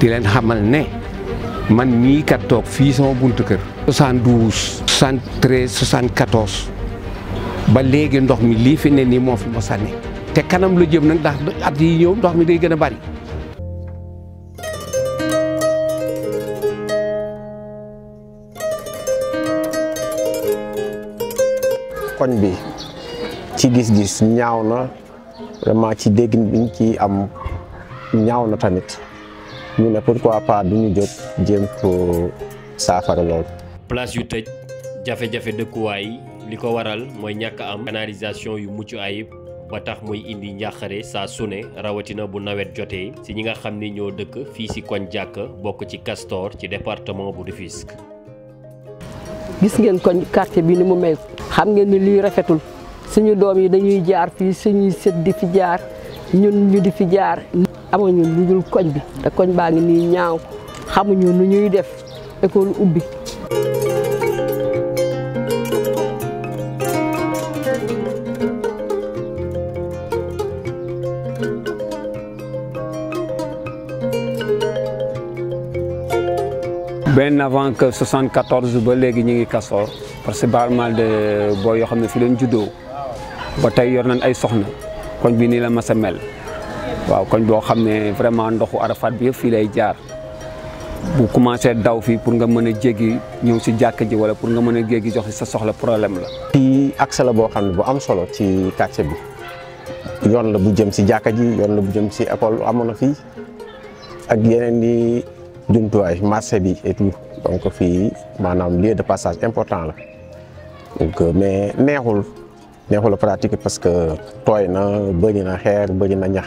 di leen xamal ne man mii kat toog fii sama buntu kër. 72 ba léegi ndox mi lii fi ne nii moo fi ma sànni te kanam lu jëm nag ndax at yi ñëw ndox mi day gën a bari. koñ bi ci gis-gis ñaaw na vraiment ci dégg biñ ci am ñaaw na tamit. ñu ne pourquoi pas du ñu jóg jéem ko saafara lool. place yu tëj jafe-jafe dëkkuwaay li ko waral mooy ñàkk am canalisation yu mucc ayib ba tax muy indi njàqare saa su rawatina bu nawet jotee ci ñi nga xam ni ñoo dëkk fii si koñ jàkk bokk ci Castor ci département bu Rufisque. gis ngeen koñ quartier bi ni mu mel xam nga ni lii rafetul suñu doom yi dañuy jaar fii suñuy sët di fi jaar ñun ñu di fi jaar. amuñu luñul koñ bi da koñ baa ngi ñaaw xamuñu nu ñuy def école ubbi Ben avant que 74 ba légui ñi ngi kasso parce que bar mal de boy yo xamne fi leen juddo ba tay yor nañ ay soxna koñ bi ni la massa mel waaw koñ boo xam ne vraiment ndoxu arafat bi fi lay jaar bu commencé daw fi pour nga mën a ñew ci jakk ji wala pour nga mën a jox sa soxla problème la. ci accès la bo xam bu am solo ci quartier bi yoon la bu jëm ci jakk ji yoon la bu jëm ci école amono fi ak yeneen ni jumtuwaay marché bi et tout donc fi manam lieu de passage important la donc euh, mais neexul neexul a pratique parce que toy na bëgn na xeer bëgn na ñax.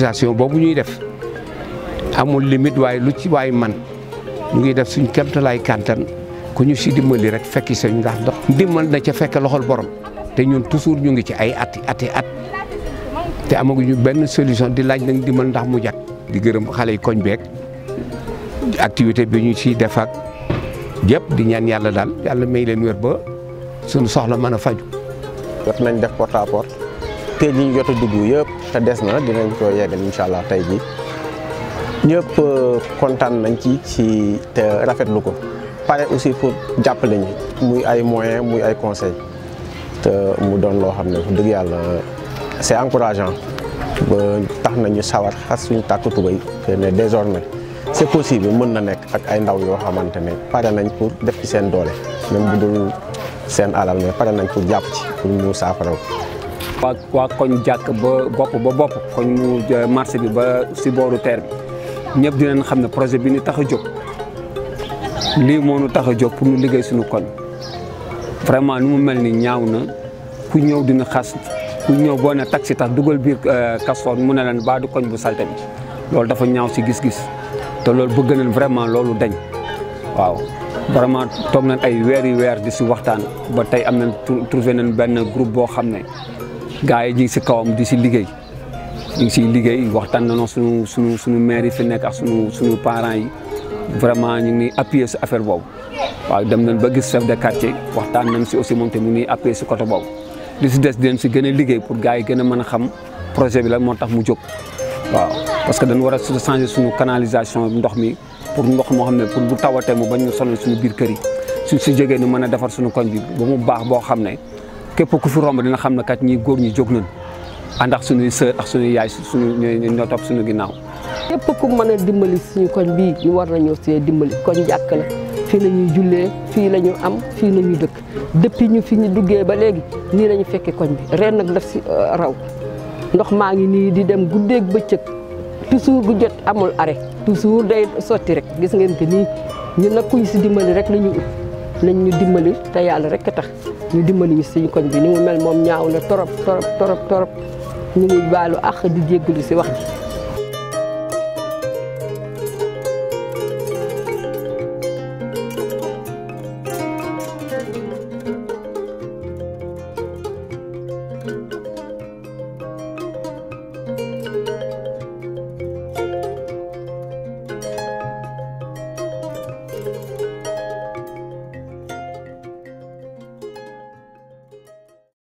cotisation boobu ñuy def amul limite waaye lu ci waay man mu ngi def suñ kemtalaay kàntan ku ñu si dimbali rek fekki sañ ndax dox ndimbal na ca fekk loxol borom te ñun toujours ñu ngi ci ay ati at te amaguñu benn solution di laaj nag dimbal ndax mu jag di gërëm xale yi koñ beeg activité bi ñu siy defak ak di ñaan yàlla daal yàlla may leen wér ba suñu soxla mën a faju jot nañ def porte à kër yi ñu jot a yëpp te des na dinañ ko yeggal incha allah tey jii ñëpp euh, kontaan nañ ci ci te rafetlu ko pare aussi pour jàppale ñu muy ay moyen muy ay conseils te mu doon loo xam ne dëgg yàlla c'est encourageant ba tax nañu sawar xas suñu tàkk tubay que ne désormais c'est possible mën na nekk ak ay ndaw yoo xamante ne pare nañ pour def ci seen doole même bu dul seen alal mais pare nañ pour jàpp ci pour mu saafara waa waa koñ jàkk ba bopp ba bopp koñ marché bi ba si booru terre bi ñëpp dinañ xam ne projet bi pour ñu liggéey suñu vraiment nu mu mel ni ku ñëw dina xas ku ñëw boo ne taxi tax dugal biir kasoon euh, mu ne leen baa du koñ bu salte bi loolu dafa ñaaw si gis-gis te loolu bëgg nañ vraiment loolu dañ waaw vraiment nañ ay very yi weer di si waxtaan ba tey am nañ trouvé nañ groupe gars yi ñu ngi si kawam di si liggéey ñu ngi siy liggéey waxtaan nañoo suñu suñu suñu maire yi fi nekk ak suñu suñu parents yi vraiment ñu ngi appuyer si affaire boobu. waaw dem nañ ba gis chef de quartier waxtaan nañ si aussi moom tamit mu ngi appuyer si côté boobu li si des dinañ si gën a liggéey pour gars yi gën a mën a xam projet bi la moo tax mu jóg. waaw parce que dañu war a changer suñu canalisation ndox mi pour ndox moo xam ne pour bu tawatee mu bañ ñu sonal suñu biir kër yi suñ si jógee ñu mën a defar suñu koñ bi ba mu baax boo xam ne. képp ku fi romb dina xam na kat ñi góor ñi jóg nañ ànd ak suñuy sœur ak suñuy yaay suñu ñoo topp suñu ginnaaw. képp ku mën a dimbali suñu koñ bi ñu war nañoo see dimbali koñ jàkk la fii la ñuy jullee fii la am fii la ñu dëkk depuis ñu fi ñu duggee ba léegi nii la ñu fekkee koñ bi ren nag daf si euh, raw ndox maa ngi nii di dem guddeeg bëccëg toujours gu jot amul arrêt toujours day sotti rek gis ngeen que nii ñun nag si dimbali rek la ut. nañ ñu dimbali te yàlla rek a tax ñu dimbali ñu suñu koñ bi ni mu mel moom ñaaw na torop torop torop torop ñu ngi baalu àq di jéggalu si wax ji